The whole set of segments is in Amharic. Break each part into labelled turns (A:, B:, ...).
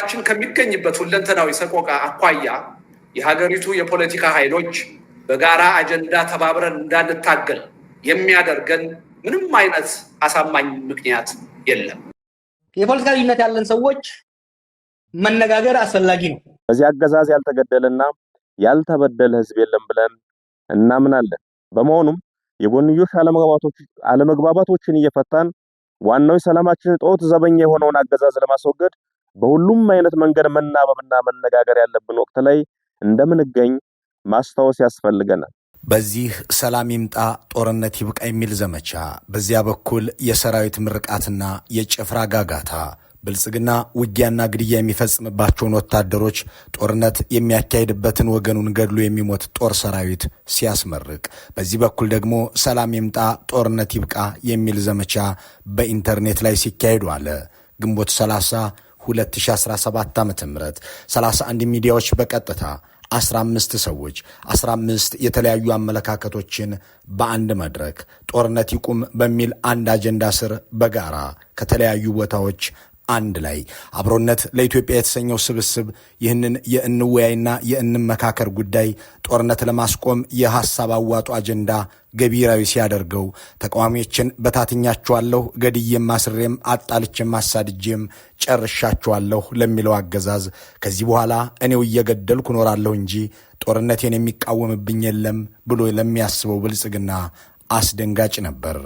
A: ሀገራችን ከሚገኝበት ሁለንተናዊ ሰቆቃ አኳያ የሀገሪቱ የፖለቲካ ኃይሎች በጋራ አጀንዳ ተባብረን እንዳንታገል የሚያደርገን ምንም አይነት አሳማኝ ምክንያት የለም።
B: የፖለቲካ ልዩነት ያለን ሰዎች መነጋገር አስፈላጊ ነው።
C: በዚህ አገዛዝ ያልተገደለና ያልተበደለ ህዝብ የለም ብለን እናምናለን። በመሆኑም የጎንዮሽ አለመግባባቶችን እየፈታን ዋናው የሰላማችን ጦት ዘበኛ የሆነውን አገዛዝ ለማስወገድ በሁሉም አይነት መንገድ መናበብና መነጋገር ያለብን ወቅት ላይ እንደምንገኝ ማስታወስ ያስፈልገናል።
D: በዚህ ሰላም ይምጣ ጦርነት ይብቃ የሚል ዘመቻ፣ በዚያ በኩል የሰራዊት ምርቃትና የጭፍራ ጋጋታ ብልጽግና ውጊያና ግድያ የሚፈጽምባቸውን ወታደሮች ጦርነት የሚያካሄድበትን ወገኑን ገድሎ የሚሞት ጦር ሰራዊት ሲያስመርቅ፣ በዚህ በኩል ደግሞ ሰላም ይምጣ ጦርነት ይብቃ የሚል ዘመቻ በኢንተርኔት ላይ ሲካሄዱ አለ ግንቦት 30 2017 ዓ ም 31 ሚዲያዎች በቀጥታ 15 ሰዎች 15 የተለያዩ አመለካከቶችን በአንድ መድረክ ጦርነት ይቁም በሚል አንድ አጀንዳ ስር በጋራ ከተለያዩ ቦታዎች አንድ ላይ አብሮነት ለኢትዮጵያ የተሰኘው ስብስብ ይህንን የእንወያይና የእንመካከር ጉዳይ ጦርነት ለማስቆም የሐሳብ አዋጡ አጀንዳ ገቢራዊ ሲያደርገው ተቃዋሚዎችን በታትኛቸዋለሁ፣ ገድዬም፣ ማስሬም፣ አጣልቼም፣ አሳድጄም ጨርሻቸዋለሁ ለሚለው አገዛዝ ከዚህ በኋላ እኔው እየገደልኩ እኖራለሁ እንጂ ጦርነቴን የሚቃወምብኝ የለም ብሎ ለሚያስበው ብልጽግና አስደንጋጭ ነበር።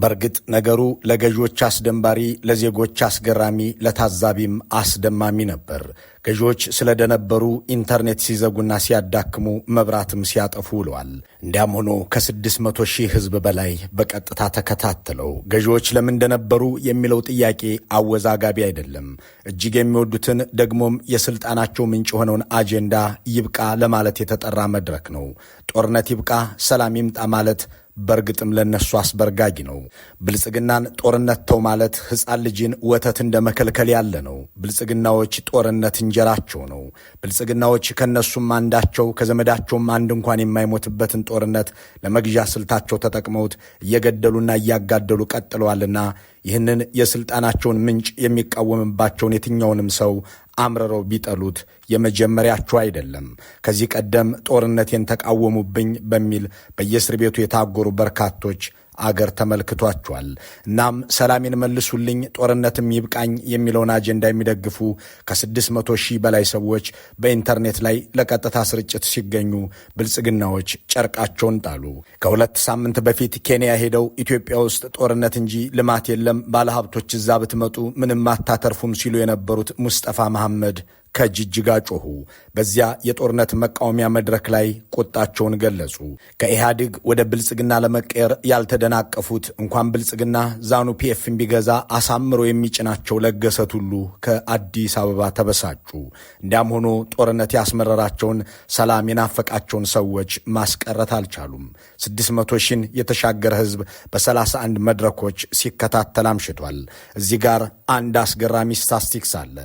D: በእርግጥ ነገሩ ለገዢዎች አስደንባሪ፣ ለዜጎች አስገራሚ፣ ለታዛቢም አስደማሚ ነበር። ገዢዎች ስለደነበሩ ኢንተርኔት ሲዘጉና ሲያዳክሙ መብራትም ሲያጠፉ ውለዋል። እንዲያም ሆኖ ከ መቶ ሺህ ሕዝብ በላይ በቀጥታ ተከታተለው። ገዢዎች ለምን ደነበሩ የሚለው ጥያቄ አወዛጋቢ አይደለም። እጅግ የሚወዱትን ደግሞም የስልጣናቸው ምንጭ የሆነውን አጀንዳ ይብቃ ለማለት የተጠራ መድረክ ነው። ጦርነት ይብቃ፣ ሰላም ይምጣ ማለት በእርግጥም ለነሱ አስበርጋጊ ነው። ብልጽግናን ጦርነት ተው ማለት ሕፃን ልጅን ወተት እንደ መከልከል ያለ ነው። ብልጽግናዎች ጦርነት እንጀራቸው ነው። ብልጽግናዎች ከነሱም አንዳቸው ከዘመዳቸውም አንድ እንኳን የማይሞትበትን ጦርነት ለመግዣ ስልታቸው ተጠቅመውት እየገደሉና እያጋደሉ ቀጥለዋልና ይህንን የስልጣናቸውን ምንጭ የሚቃወምባቸውን የትኛውንም ሰው አምርረው ቢጠሉት የመጀመሪያቸው አይደለም። ከዚህ ቀደም ጦርነቴን ተቃወሙብኝ በሚል በየእስር ቤቱ የታጎሩ በርካቶች አገር ተመልክቷቸዋል። እናም ሰላሜን መልሱልኝ፣ ጦርነትም ይብቃኝ የሚለውን አጀንዳ የሚደግፉ ከ600 ሺህ በላይ ሰዎች በኢንተርኔት ላይ ለቀጥታ ስርጭት ሲገኙ ብልጽግናዎች ጨርቃቸውን ጣሉ። ከሁለት ሳምንት በፊት ኬንያ ሄደው ኢትዮጵያ ውስጥ ጦርነት እንጂ ልማት የለም፣ ባለሀብቶች እዛ ብትመጡ ምንም አታተርፉም ሲሉ የነበሩት ሙስጠፋ መሐመድ ከጅጅጋ ጮኹ። በዚያ የጦርነት መቃወሚያ መድረክ ላይ ቁጣቸውን ገለጹ። ከኢህአዴግ ወደ ብልጽግና ለመቀየር ያልተደናቀፉት እንኳን ብልጽግና ዛኑ ፒኤፍን ቢገዛ አሳምሮ የሚጭናቸው ለገሰት ሁሉ ከአዲስ አበባ ተበሳጩ። እንዲያም ሆኖ ጦርነት ያስመረራቸውን ሰላም የናፈቃቸውን ሰዎች ማስቀረት አልቻሉም። ስድስት መቶ የተሻገረ ህዝብ በ31 መድረኮች ሲከታተል አምሽቷል። እዚህ ጋር አንድ አስገራሚ ስታስቲክስ አለ።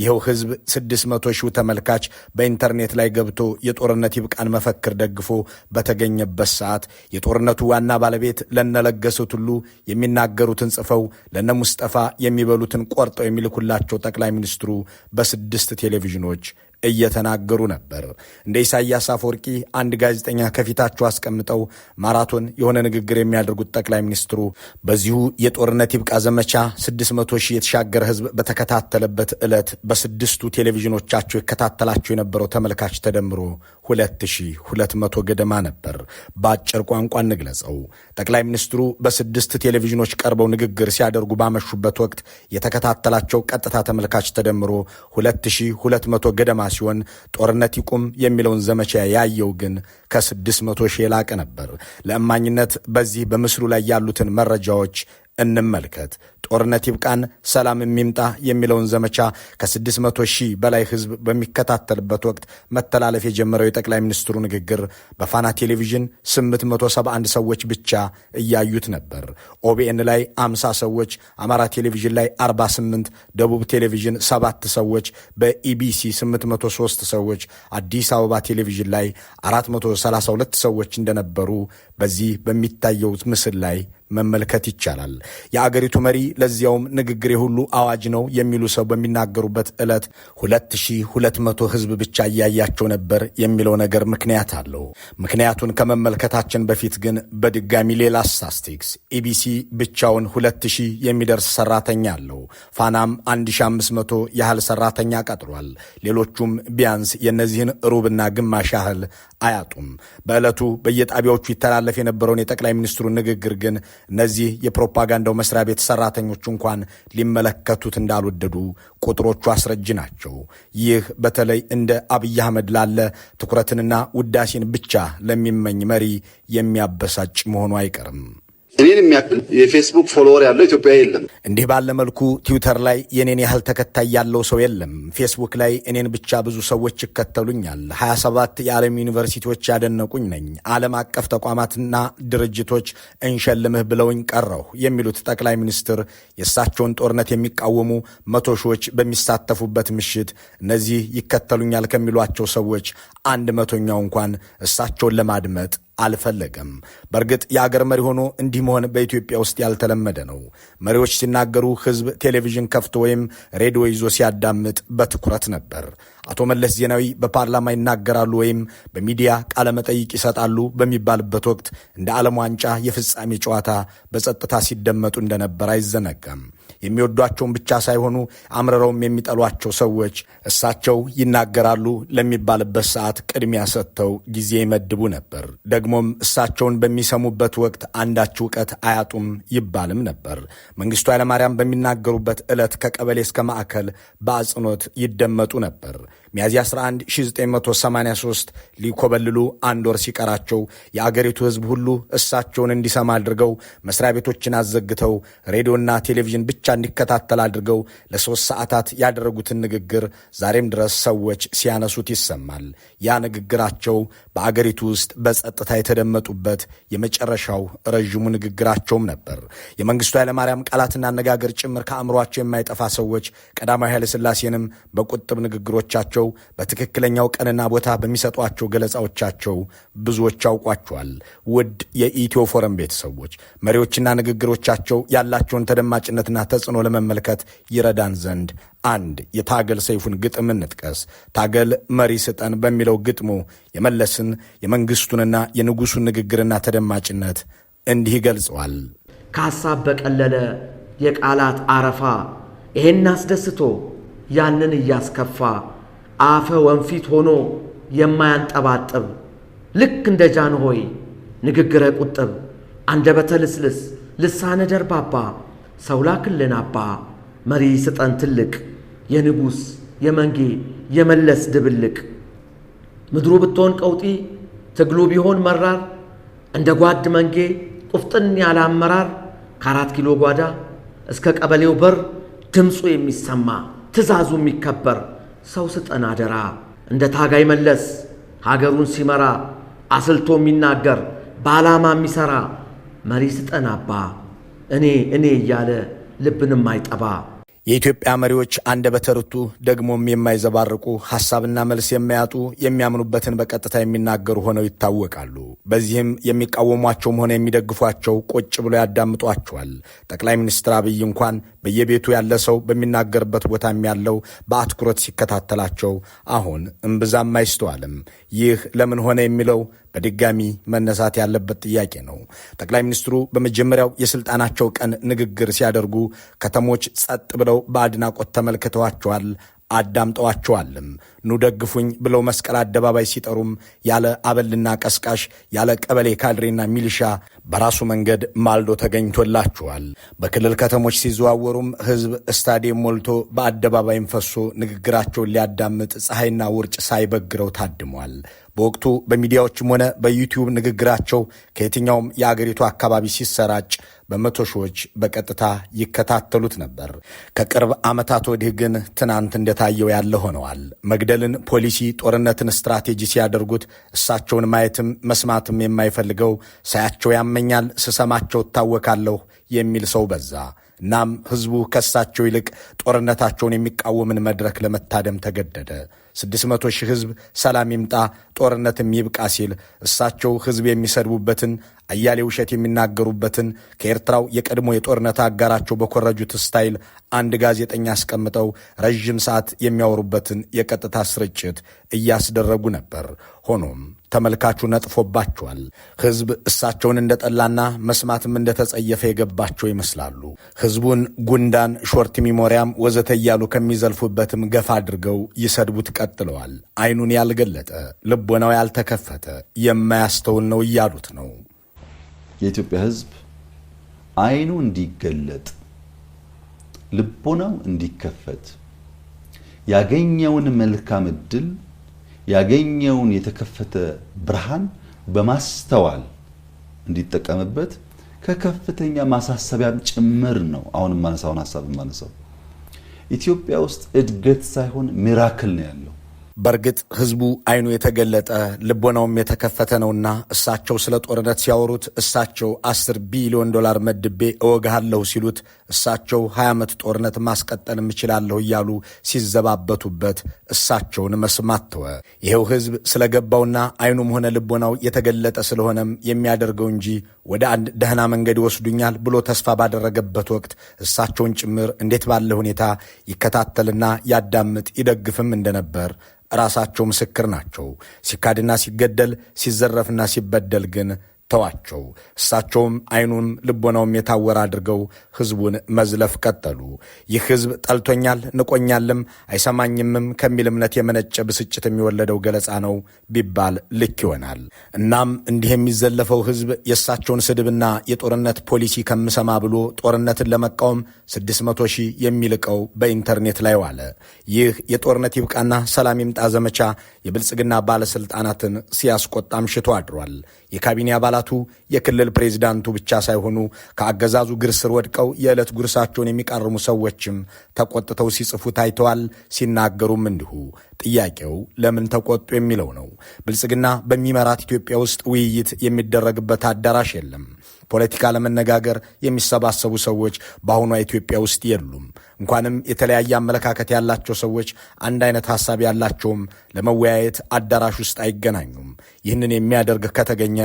D: ይኸው ህዝብ 600 ሺው ተመልካች በኢንተርኔት ላይ ገብቶ የጦርነት ይብቃን መፈክር ደግፎ በተገኘበት ሰዓት የጦርነቱ ዋና ባለቤት ለነለገሱት ሁሉ የሚናገሩትን ጽፈው ለነ ሙስጠፋ የሚበሉትን ቆርጠው የሚልኩላቸው ጠቅላይ ሚኒስትሩ በስድስት ቴሌቪዥኖች እየተናገሩ ነበር። እንደ ኢሳያስ አፈወርቂ አንድ ጋዜጠኛ ከፊታቸው አስቀምጠው ማራቶን የሆነ ንግግር የሚያደርጉት ጠቅላይ ሚኒስትሩ በዚሁ የጦርነት ይብቃ ዘመቻ 600 ሺህ የተሻገረ ሕዝብ በተከታተለበት ዕለት በስድስቱ ቴሌቪዥኖቻቸው ይከታተላቸው የነበረው ተመልካች ተደምሮ 2200 ገደማ ነበር። በአጭር ቋንቋ እንግለጸው፣ ጠቅላይ ሚኒስትሩ በስድስት ቴሌቪዥኖች ቀርበው ንግግር ሲያደርጉ ባመሹበት ወቅት የተከታተላቸው ቀጥታ ተመልካች ተደምሮ 2200 ገደማ ሲሆን ጦርነት ይቁም የሚለውን ዘመቻ ያየው ግን ከስድስት መቶ ሺህ የላቀ ነበር። ለእማኝነት በዚህ በምስሉ ላይ ያሉትን መረጃዎች እንመልከት። ጦርነት ይብቃን ሰላም የሚምጣ የሚለውን ዘመቻ ከ600 ሺህ በላይ ህዝብ በሚከታተልበት ወቅት መተላለፍ የጀመረው የጠቅላይ ሚኒስትሩ ንግግር በፋና ቴሌቪዥን 871 ሰዎች ብቻ እያዩት ነበር። ኦቢኤን ላይ 50 ሰዎች፣ አማራ ቴሌቪዥን ላይ 48፣ ደቡብ ቴሌቪዥን 7 ሰዎች፣ በኢቢሲ 803 ሰዎች፣ አዲስ አበባ ቴሌቪዥን ላይ 432 ሰዎች እንደነበሩ በዚህ በሚታየው ምስል ላይ መመልከት ይቻላል። የአገሪቱ መሪ ለዚያውም ንግግሬ ሁሉ አዋጅ ነው የሚሉ ሰው በሚናገሩበት ዕለት 2200 ህዝብ ብቻ እያያቸው ነበር የሚለው ነገር ምክንያት አለው። ምክንያቱን ከመመልከታችን በፊት ግን በድጋሚ ሌላ ስታስቲክስ ኢቢሲ ብቻውን 2000 የሚደርስ ሰራተኛ አለው። ፋናም 1500 ያህል ሰራተኛ ቀጥሯል። ሌሎቹም ቢያንስ የእነዚህን ሩብና ግማሽ ያህል አያጡም። በዕለቱ በየጣቢያዎቹ ይተላለፍ የነበረውን የጠቅላይ ሚኒስትሩ ንግግር ግን እነዚህ የፕሮፓጋንዳው መስሪያ ቤት ሰራተኞች እንኳን ሊመለከቱት እንዳልወደዱ ቁጥሮቹ አስረጅ ናቸው። ይህ በተለይ እንደ አብይ አህመድ ላለ ትኩረትንና ውዳሴን ብቻ ለሚመኝ መሪ የሚያበሳጭ መሆኑ አይቀርም።
E: እኔን የሚያክል የፌስቡክ ፎሎወር ያለው ኢትዮጵያ የለም።
D: እንዲህ ባለ መልኩ ትዊተር ላይ የኔን ያህል ተከታይ ያለው ሰው የለም። ፌስቡክ ላይ እኔን ብቻ ብዙ ሰዎች ይከተሉኛል። 27 የዓለም ዩኒቨርሲቲዎች ያደነቁኝ ነኝ። ዓለም አቀፍ ተቋማትና ድርጅቶች እንሸልምህ ብለውኝ ቀረሁ የሚሉት ጠቅላይ ሚኒስትር የእሳቸውን ጦርነት የሚቃወሙ መቶ ሺዎች በሚሳተፉበት ምሽት እነዚህ ይከተሉኛል ከሚሏቸው ሰዎች አንድ መቶኛው እንኳን እሳቸውን ለማድመጥ አልፈለገም። በእርግጥ የአገር መሪ ሆኖ እንዲህ መሆን በኢትዮጵያ ውስጥ ያልተለመደ ነው። መሪዎች ሲናገሩ ሕዝብ ቴሌቪዥን ከፍቶ ወይም ሬዲዮ ይዞ ሲያዳምጥ በትኩረት ነበር። አቶ መለስ ዜናዊ በፓርላማ ይናገራሉ ወይም በሚዲያ ቃለመጠይቅ ይሰጣሉ በሚባልበት ወቅት እንደ ዓለም ዋንጫ የፍጻሜ ጨዋታ በጸጥታ ሲደመጡ እንደነበር አይዘነጋም። የሚወዷቸውን ብቻ ሳይሆኑ አምርረውም የሚጠሏቸው ሰዎች እሳቸው ይናገራሉ ለሚባልበት ሰዓት ቅድሚያ ሰጥተው ጊዜ ይመድቡ ነበር። ደግሞም እሳቸውን በሚሰሙበት ወቅት አንዳች እውቀት አያጡም ይባልም ነበር። መንግስቱ ኃይለማርያም በሚናገሩበት ዕለት ከቀበሌ እስከ ማዕከል በአጽንኦት ይደመጡ ነበር። ሚያዝያ 11 1983 ሊኮበልሉ አንድ ወር ሲቀራቸው የአገሪቱ ሕዝብ ሁሉ እሳቸውን እንዲሰማ አድርገው መስሪያ ቤቶችን አዘግተው ሬዲዮና ቴሌቪዥን ብቻ እንዲከታተል አድርገው ለሶስት ሰዓታት ያደረጉትን ንግግር ዛሬም ድረስ ሰዎች ሲያነሱት ይሰማል። ያ ንግግራቸው በአገሪቱ ውስጥ በጸጥታ የተደመጡበት የመጨረሻው ረዥሙ ንግግራቸውም ነበር። የመንግስቱ ኃይለማርያም ቃላትና አነጋገር ጭምር ከአእምሯቸው የማይጠፋ ሰዎች ቀዳማዊ ኃይለሥላሴንም በቁጥብ ንግግሮቻቸው በመሆናቸው በትክክለኛው ቀንና ቦታ በሚሰጧቸው ገለጻዎቻቸው ብዙዎች አውቋቸዋል። ውድ የኢትዮ ፎረም ቤተሰቦች መሪዎችና ንግግሮቻቸው ያላቸውን ተደማጭነትና ተጽዕኖ ለመመልከት ይረዳን ዘንድ አንድ የታገል ሰይፉን ግጥም እንጥቀስ። ታገል መሪ ስጠን በሚለው ግጥሙ የመለስን የመንግስቱንና የንጉሱን ንግግርና ተደማጭነት እንዲህ ይገልጸዋል።
F: ከሐሳብ በቀለለ የቃላት አረፋ ይሄን አስደስቶ ያንን እያስከፋ አፈ ወንፊት ሆኖ የማያንጠባጥብ ልክ እንደ ጃንሆይ ንግግረ ቁጥብ አንደበተ ልስልስ ልሳነ ደርባባ ሰው ላክልን አባ መሪ ስጠን ትልቅ የንጉሥ የመንጌ የመለስ ድብልቅ ምድሩ ብትሆን ቀውጢ ትግሉ ቢሆን መራር እንደ ጓድ መንጌ ቁፍጥን ያለ አመራር ከአራት ኪሎ ጓዳ እስከ ቀበሌው በር ድምፁ የሚሰማ ትእዛዙ የሚከበር ሰው ስጠን አደራ። እንደ ታጋይ መለስ ሀገሩን ሲመራ አስልቶ የሚናገር በዓላማ የሚሠራ መሪ ስጠን አባ እኔ እኔ እያለ ልብንም አይጠባ።
D: የኢትዮጵያ መሪዎች አንደበተ ርቱዕ ደግሞም የማይዘባርቁ ሐሳብና መልስ የማያጡ የሚያምኑበትን በቀጥታ የሚናገሩ ሆነው ይታወቃሉ። በዚህም የሚቃወሟቸውም ሆነ የሚደግፏቸው ቁጭ ብሎ ያዳምጧቸዋል። ጠቅላይ ሚኒስትር አብይ እንኳን በየቤቱ ያለ ሰው በሚናገርበት ቦታም ያለው በአትኩሮት ሲከታተላቸው አሁን እምብዛም አይስተዋልም። ይህ ለምን ሆነ የሚለው በድጋሚ መነሳት ያለበት ጥያቄ ነው። ጠቅላይ ሚኒስትሩ በመጀመሪያው የስልጣናቸው ቀን ንግግር ሲያደርጉ ከተሞች ጸጥ ብለው በአድናቆት ተመልክተዋቸዋል አዳምጠዋቸዋልም። ኑ ደግፉኝ ብለው መስቀል አደባባይ ሲጠሩም ያለ አበልና ቀስቃሽ፣ ያለ ቀበሌ ካድሬና ሚሊሻ በራሱ መንገድ ማልዶ ተገኝቶላችኋል። በክልል ከተሞች ሲዘዋወሩም ህዝብ ስታዲየም ሞልቶ በአደባባይም ፈሶ ንግግራቸውን ሊያዳምጥ ፀሐይና ውርጭ ሳይበግረው ታድሟል። በወቅቱ በሚዲያዎችም ሆነ በዩቲዩብ ንግግራቸው ከየትኛውም የአገሪቱ አካባቢ ሲሰራጭ በመቶ ሺዎች በቀጥታ ይከታተሉት ነበር። ከቅርብ ዓመታት ወዲህ ግን ትናንት እንደታየው ያለ ሆነዋል። መግደልን ፖሊሲ፣ ጦርነትን ስትራቴጂ ሲያደርጉት እሳቸውን ማየትም መስማትም የማይፈልገው ሳያቸው ያም ያመኛል፣ ስሰማቸው እታወካለሁ የሚል ሰው በዛ። እናም ህዝቡ ከሳቸው ይልቅ ጦርነታቸውን የሚቃወምን መድረክ ለመታደም ተገደደ። 600 ሺህ ህዝብ ሰላም ይምጣ ጦርነትም ይብቃ ሲል እሳቸው ህዝብ የሚሰድቡበትን አያሌ ውሸት የሚናገሩበትን ከኤርትራው የቀድሞ የጦርነት አጋራቸው በኮረጁት ስታይል አንድ ጋዜጠኛ አስቀምጠው ረዥም ሰዓት የሚያወሩበትን የቀጥታ ስርጭት እያስደረጉ ነበር። ሆኖም ተመልካቹ ነጥፎባቸዋል። ህዝብ እሳቸውን እንደጠላና መስማትም እንደተጸየፈ የገባቸው ይመስላሉ። ህዝቡን ጉንዳን፣ ሾርት ሚሞሪያም ወዘተ እያሉ ከሚዘልፉበትም ገፋ አድርገው ይሰድቡት ቀጥለዋል። አይኑን ያልገለጠ ልቦናው ያልተከፈተ የማያስተውል ነው እያሉት ነው።
G: የኢትዮጵያ ሕዝብ አይኑ እንዲገለጥ ልቦናው እንዲከፈት ያገኘውን መልካም እድል ያገኘውን የተከፈተ ብርሃን በማስተዋል እንዲጠቀምበት ከከፍተኛ ማሳሰቢያም ጭምር ነው። አሁን የማነሳውን ሀሳብ የማነሳው ኢትዮጵያ ውስጥ እድገት ሳይሆን ሚራክል ነው ያለው።
D: በእርግጥ ህዝቡ አይኑ የተገለጠ ልቦናውም የተከፈተ ነውና እሳቸው ስለ ጦርነት ሲያወሩት እሳቸው አስር ቢሊዮን ዶላር መድቤ እወግሃለሁ ሲሉት እሳቸው ሀያ ዓመት ጦርነት ማስቀጠልም እችላለሁ እያሉ ሲዘባበቱበት እሳቸውን መስማት ተወ። ይኸው ሕዝብ ስለገባውና አይኑም ሆነ ልቦናው የተገለጠ ስለሆነም የሚያደርገው እንጂ ወደ አንድ ደህና መንገድ ይወስዱኛል ብሎ ተስፋ ባደረገበት ወቅት እሳቸውን ጭምር እንዴት ባለ ሁኔታ ይከታተልና ያዳምጥ ይደግፍም እንደነበር ራሳቸው ምስክር ናቸው። ሲካድና ሲገደል ሲዘረፍና ሲበደል ግን ተዋቸው። እሳቸውም አይኑን ልቦናውም የታወረ አድርገው ሕዝቡን መዝለፍ ቀጠሉ። ይህ ሕዝብ ጠልቶኛል፣ ንቆኛልም፣ አይሰማኝምም ከሚል እምነት የመነጨ ብስጭት የሚወለደው ገለጻ ነው ቢባል ልክ ይሆናል። እናም እንዲህ የሚዘለፈው ሕዝብ የእሳቸውን ስድብና የጦርነት ፖሊሲ ከምሰማ ብሎ ጦርነትን ለመቃወም 600 ሺህ የሚልቀው በኢንተርኔት ላይ ዋለ። ይህ የጦርነት ይብቃና ሰላም ይምጣ ዘመቻ የብልጽግና ባለሥልጣናትን ሲያስቆጣም ሽቶ አድሯል። የካቢኔ አባላቱ የክልል ፕሬዚዳንቱ ብቻ ሳይሆኑ ከአገዛዙ ግርስር ወድቀው የዕለት ጉርሳቸውን የሚቃርሙ ሰዎችም ተቆጥተው ሲጽፉ ታይተዋል፣ ሲናገሩም እንዲሁ። ጥያቄው ለምን ተቆጡ የሚለው ነው። ብልጽግና በሚመራት ኢትዮጵያ ውስጥ ውይይት የሚደረግበት አዳራሽ የለም። ፖለቲካ ለመነጋገር የሚሰባሰቡ ሰዎች በአሁኗ ኢትዮጵያ ውስጥ የሉም። እንኳንም የተለያየ አመለካከት ያላቸው ሰዎች አንድ አይነት ሀሳብ ያላቸውም ለመወያየት አዳራሽ ውስጥ አይገናኙም። ይህንን የሚያደርግ ከተገኘ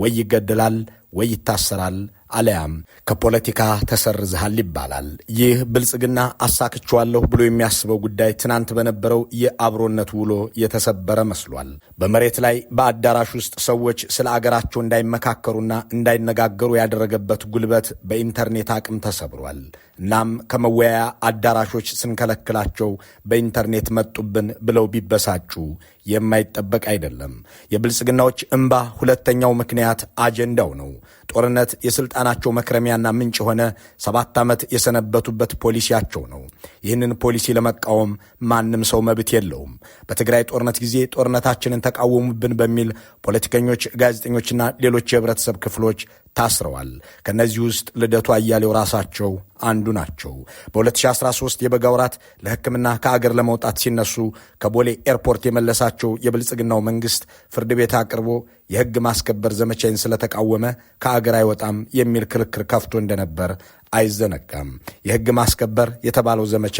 D: ወይ ይገደላል ወይ ይታሰራል አለያም ከፖለቲካ ተሰርዝሃል ይባላል። ይህ ብልጽግና አሳክቼዋለሁ ብሎ የሚያስበው ጉዳይ ትናንት በነበረው የአብሮነት ውሎ የተሰበረ መስሏል። በመሬት ላይ በአዳራሽ ውስጥ ሰዎች ስለ አገራቸው እንዳይመካከሩና እንዳይነጋገሩ ያደረገበት ጉልበት በኢንተርኔት አቅም ተሰብሯል። እናም ከመወያያ አዳራሾች ስንከለክላቸው በኢንተርኔት መጡብን ብለው ቢበሳጩ የማይጠበቅ አይደለም። የብልጽግናዎች እምባ ሁለተኛው ምክንያት ምክንያት አጀንዳው ነው። ጦርነት የስልጣናቸው መክረሚያና ምንጭ የሆነ ሰባት ዓመት የሰነበቱበት ፖሊሲያቸው ነው። ይህንን ፖሊሲ ለመቃወም ማንም ሰው መብት የለውም። በትግራይ ጦርነት ጊዜ ጦርነታችንን ተቃወሙብን በሚል ፖለቲከኞች፣ ጋዜጠኞችና ሌሎች የህብረተሰብ ክፍሎች ታስረዋል። ከእነዚህ ውስጥ ልደቱ አያሌው ራሳቸው አንዱ ናቸው። በ2013 የበጋ ወራት ለሕክምና ከአገር ለመውጣት ሲነሱ ከቦሌ ኤርፖርት የመለሳቸው የብልጽግናው መንግስት ፍርድ ቤት አቅርቦ የሕግ ማስከበር ዘመቻይን ስለተቃወመ ከአገር አይወጣም የሚል ክርክር ከፍቶ እንደነበር አይዘነጋም። የህግ ማስከበር የተባለው ዘመቻ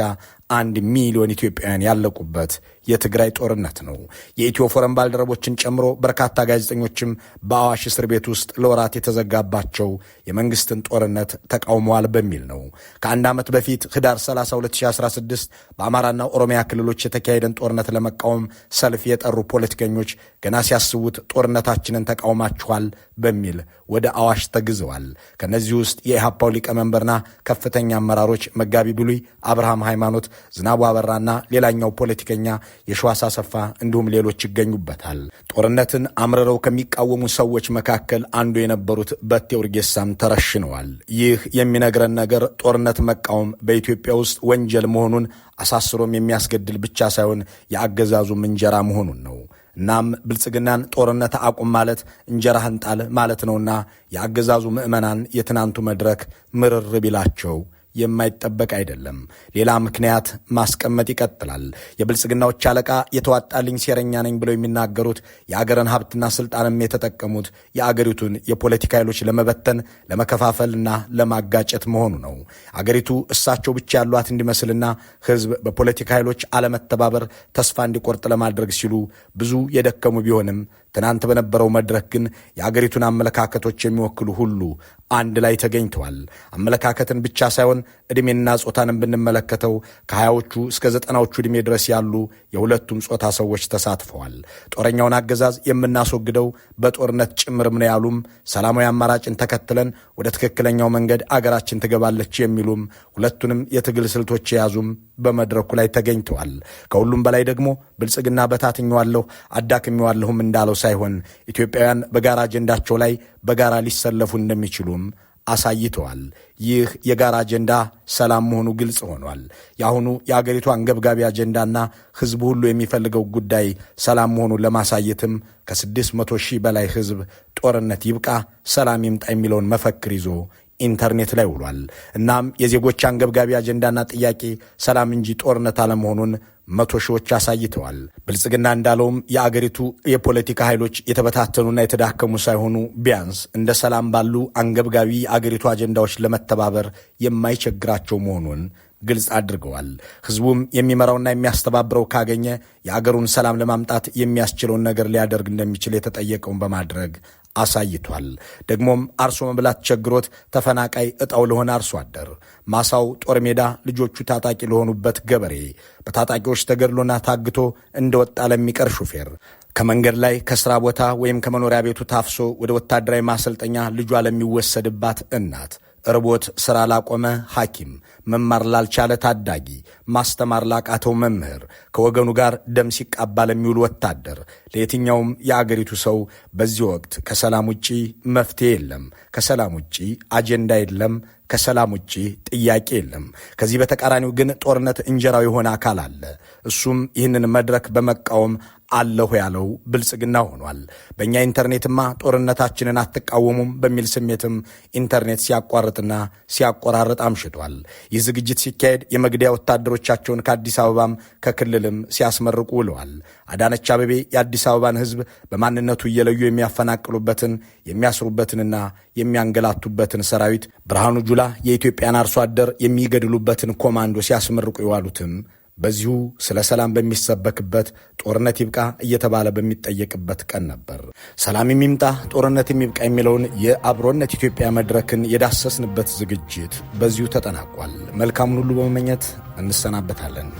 D: አንድ ሚሊዮን ኢትዮጵያውያን ያለቁበት የትግራይ ጦርነት ነው። የኢትዮ ፎረም ባልደረቦችን ጨምሮ በርካታ ጋዜጠኞችም በአዋሽ እስር ቤት ውስጥ ለወራት የተዘጋባቸው የመንግስትን ጦርነት ተቃውመዋል በሚል ነው። ከአንድ ዓመት በፊት ህዳር 30 2016 በአማራና ኦሮሚያ ክልሎች የተካሄደን ጦርነት ለመቃወም ሰልፍ የጠሩ ፖለቲከኞች ገና ሲያስቡት ጦርነታችንን ተቃውማችኋል በሚል ወደ አዋሽ ተግዘዋል። ከእነዚህ ውስጥ የኢሃፓው ሊቀመንበርና ከፍተኛ አመራሮች መጋቢ ብሉይ አብርሃም ሃይማኖት፣ ዝናቡ አበራና ሌላኛው ፖለቲከኛ የሸዋስ አሰፋ እንዲሁም ሌሎች ይገኙበታል። ጦርነትን አምርረው ከሚቃወሙ ሰዎች መካከል አንዱ የነበሩት በቴ ኡርጌሳም ተረሽነዋል። ይህ የሚነግረን ነገር ጦርነት መቃወም በኢትዮጵያ ውስጥ ወንጀል መሆኑን አሳስሮም የሚያስገድል ብቻ ሳይሆን የአገዛዙም እንጀራ መሆኑን ነው። እናም ብልጽግናን ጦርነት አቁም ማለት እንጀራህን ጣል ማለት ነውና የአገዛዙ ምዕመናን የትናንቱ መድረክ ምርር ቢላቸው የማይጠበቅ አይደለም። ሌላ ምክንያት ማስቀመጥ ይቀጥላል። የብልጽግናዎች አለቃ የተዋጣልኝ ሴረኛ ነኝ ብለው የሚናገሩት የአገርን ሀብትና ስልጣንም የተጠቀሙት የአገሪቱን የፖለቲካ ኃይሎች ለመበተን ለመከፋፈልና ለማጋጨት መሆኑ ነው። አገሪቱ እሳቸው ብቻ ያሏት እንዲመስልና ህዝብ በፖለቲካ ኃይሎች አለመተባበር ተስፋ እንዲቆርጥ ለማድረግ ሲሉ ብዙ የደከሙ ቢሆንም ትናንት በነበረው መድረክ ግን የአገሪቱን አመለካከቶች የሚወክሉ ሁሉ አንድ ላይ ተገኝተዋል። አመለካከትን ብቻ ሳይሆን ዕድሜና ጾታን ብንመለከተው ከሀያዎቹ እስከ ዘጠናዎቹ ዕድሜ ድረስ ያሉ የሁለቱም ጾታ ሰዎች ተሳትፈዋል። ጦረኛውን አገዛዝ የምናስወግደው በጦርነት ጭምርም ነው ያሉም፣ ሰላማዊ አማራጭን ተከትለን ወደ ትክክለኛው መንገድ አገራችን ትገባለች የሚሉም፣ ሁለቱንም የትግል ስልቶች የያዙም በመድረኩ ላይ ተገኝተዋል። ከሁሉም በላይ ደግሞ ብልጽግና በታትኘዋለሁ አዳክሜዋለሁም እንዳለው ሳይሆን ኢትዮጵያውያን በጋራ አጀንዳቸው ላይ በጋራ ሊሰለፉ እንደሚችሉም አሳይተዋል። ይህ የጋራ አጀንዳ ሰላም መሆኑ ግልጽ ሆኗል። የአሁኑ የአገሪቱ አንገብጋቢ አጀንዳና ሕዝቡ ሁሉ የሚፈልገው ጉዳይ ሰላም መሆኑን ለማሳየትም ከ መቶ ሺህ በላይ ሕዝብ ጦርነት ይብቃ ሰላም ይምጣ የሚለውን መፈክር ይዞ ኢንተርኔት ላይ ውሏል። እናም የዜጎች አንገብጋቢ አጀንዳና ጥያቄ ሰላም እንጂ ጦርነት አለመሆኑን መቶ ሺዎች አሳይተዋል። ብልጽግና እንዳለውም የአገሪቱ የፖለቲካ ኃይሎች የተበታተኑና የተዳከሙ ሳይሆኑ ቢያንስ እንደ ሰላም ባሉ አንገብጋቢ የአገሪቱ አጀንዳዎች ለመተባበር የማይቸግራቸው መሆኑን ግልጽ አድርገዋል። ህዝቡም የሚመራውና የሚያስተባብረው ካገኘ የአገሩን ሰላም ለማምጣት የሚያስችለውን ነገር ሊያደርግ እንደሚችል የተጠየቀውን በማድረግ አሳይቷል። ደግሞም አርሶ መብላት ቸግሮት ተፈናቃይ እጣው ለሆነ አርሶ አደር ማሳው ጦር ሜዳ፣ ልጆቹ ታጣቂ ለሆኑበት ገበሬ፣ በታጣቂዎች ተገድሎና ታግቶ እንደወጣ ለሚቀር ሹፌር ከመንገድ ላይ ከስራ ቦታ ወይም ከመኖሪያ ቤቱ ታፍሶ ወደ ወታደራዊ ማሰልጠኛ ልጇ ለሚወሰድባት እናት፣ እርቦት ስራ ላቆመ ሐኪም፣ መማር ላልቻለ ታዳጊ፣ ማስተማር ላቃተው መምህር፣ ከወገኑ ጋር ደም ሲቃባ ለሚውል ወታደር፣ ለየትኛውም የአገሪቱ ሰው በዚህ ወቅት ከሰላም ውጪ መፍትሄ የለም፣ ከሰላም ውጪ አጀንዳ የለም፣ ከሰላም ውጪ ጥያቄ የለም። ከዚህ በተቃራኒው ግን ጦርነት እንጀራው የሆነ አካል አለ። እሱም ይህንን መድረክ በመቃወም አለሁ ያለው ብልጽግና ሆኗል። በእኛ ኢንተርኔትማ ጦርነታችንን አትቃወሙም በሚል ስሜትም ኢንተርኔት ሲያቋርጥና ሲያቆራርጥ አምሽቷል። ይህ ዝግጅት ሲካሄድ የመግደያ ወታደሮቻቸውን ከአዲስ አበባም ከክልልም ሲያስመርቁ ውለዋል። አዳነች አበቤ የአዲስ አበባን ሕዝብ በማንነቱ እየለዩ የሚያፈናቅሉበትን የሚያስሩበትንና የሚያንገላቱበትን ሰራዊት፣ ብርሃኑ ጁላ የኢትዮጵያን አርሶ አደር የሚገድሉበትን ኮማንዶ ሲያስመርቁ የዋሉትም በዚሁ ስለ ሰላም በሚሰበክበት ጦርነት ይብቃ እየተባለ በሚጠየቅበት ቀን ነበር። ሰላም የሚምጣ ጦርነት የሚብቃ የሚለውን የአብሮነት ኢትዮጵያ መድረክን የዳሰስንበት ዝግጅት በዚሁ ተጠናቋል። መልካሙን ሁሉ በመመኘት እንሰናበታለን።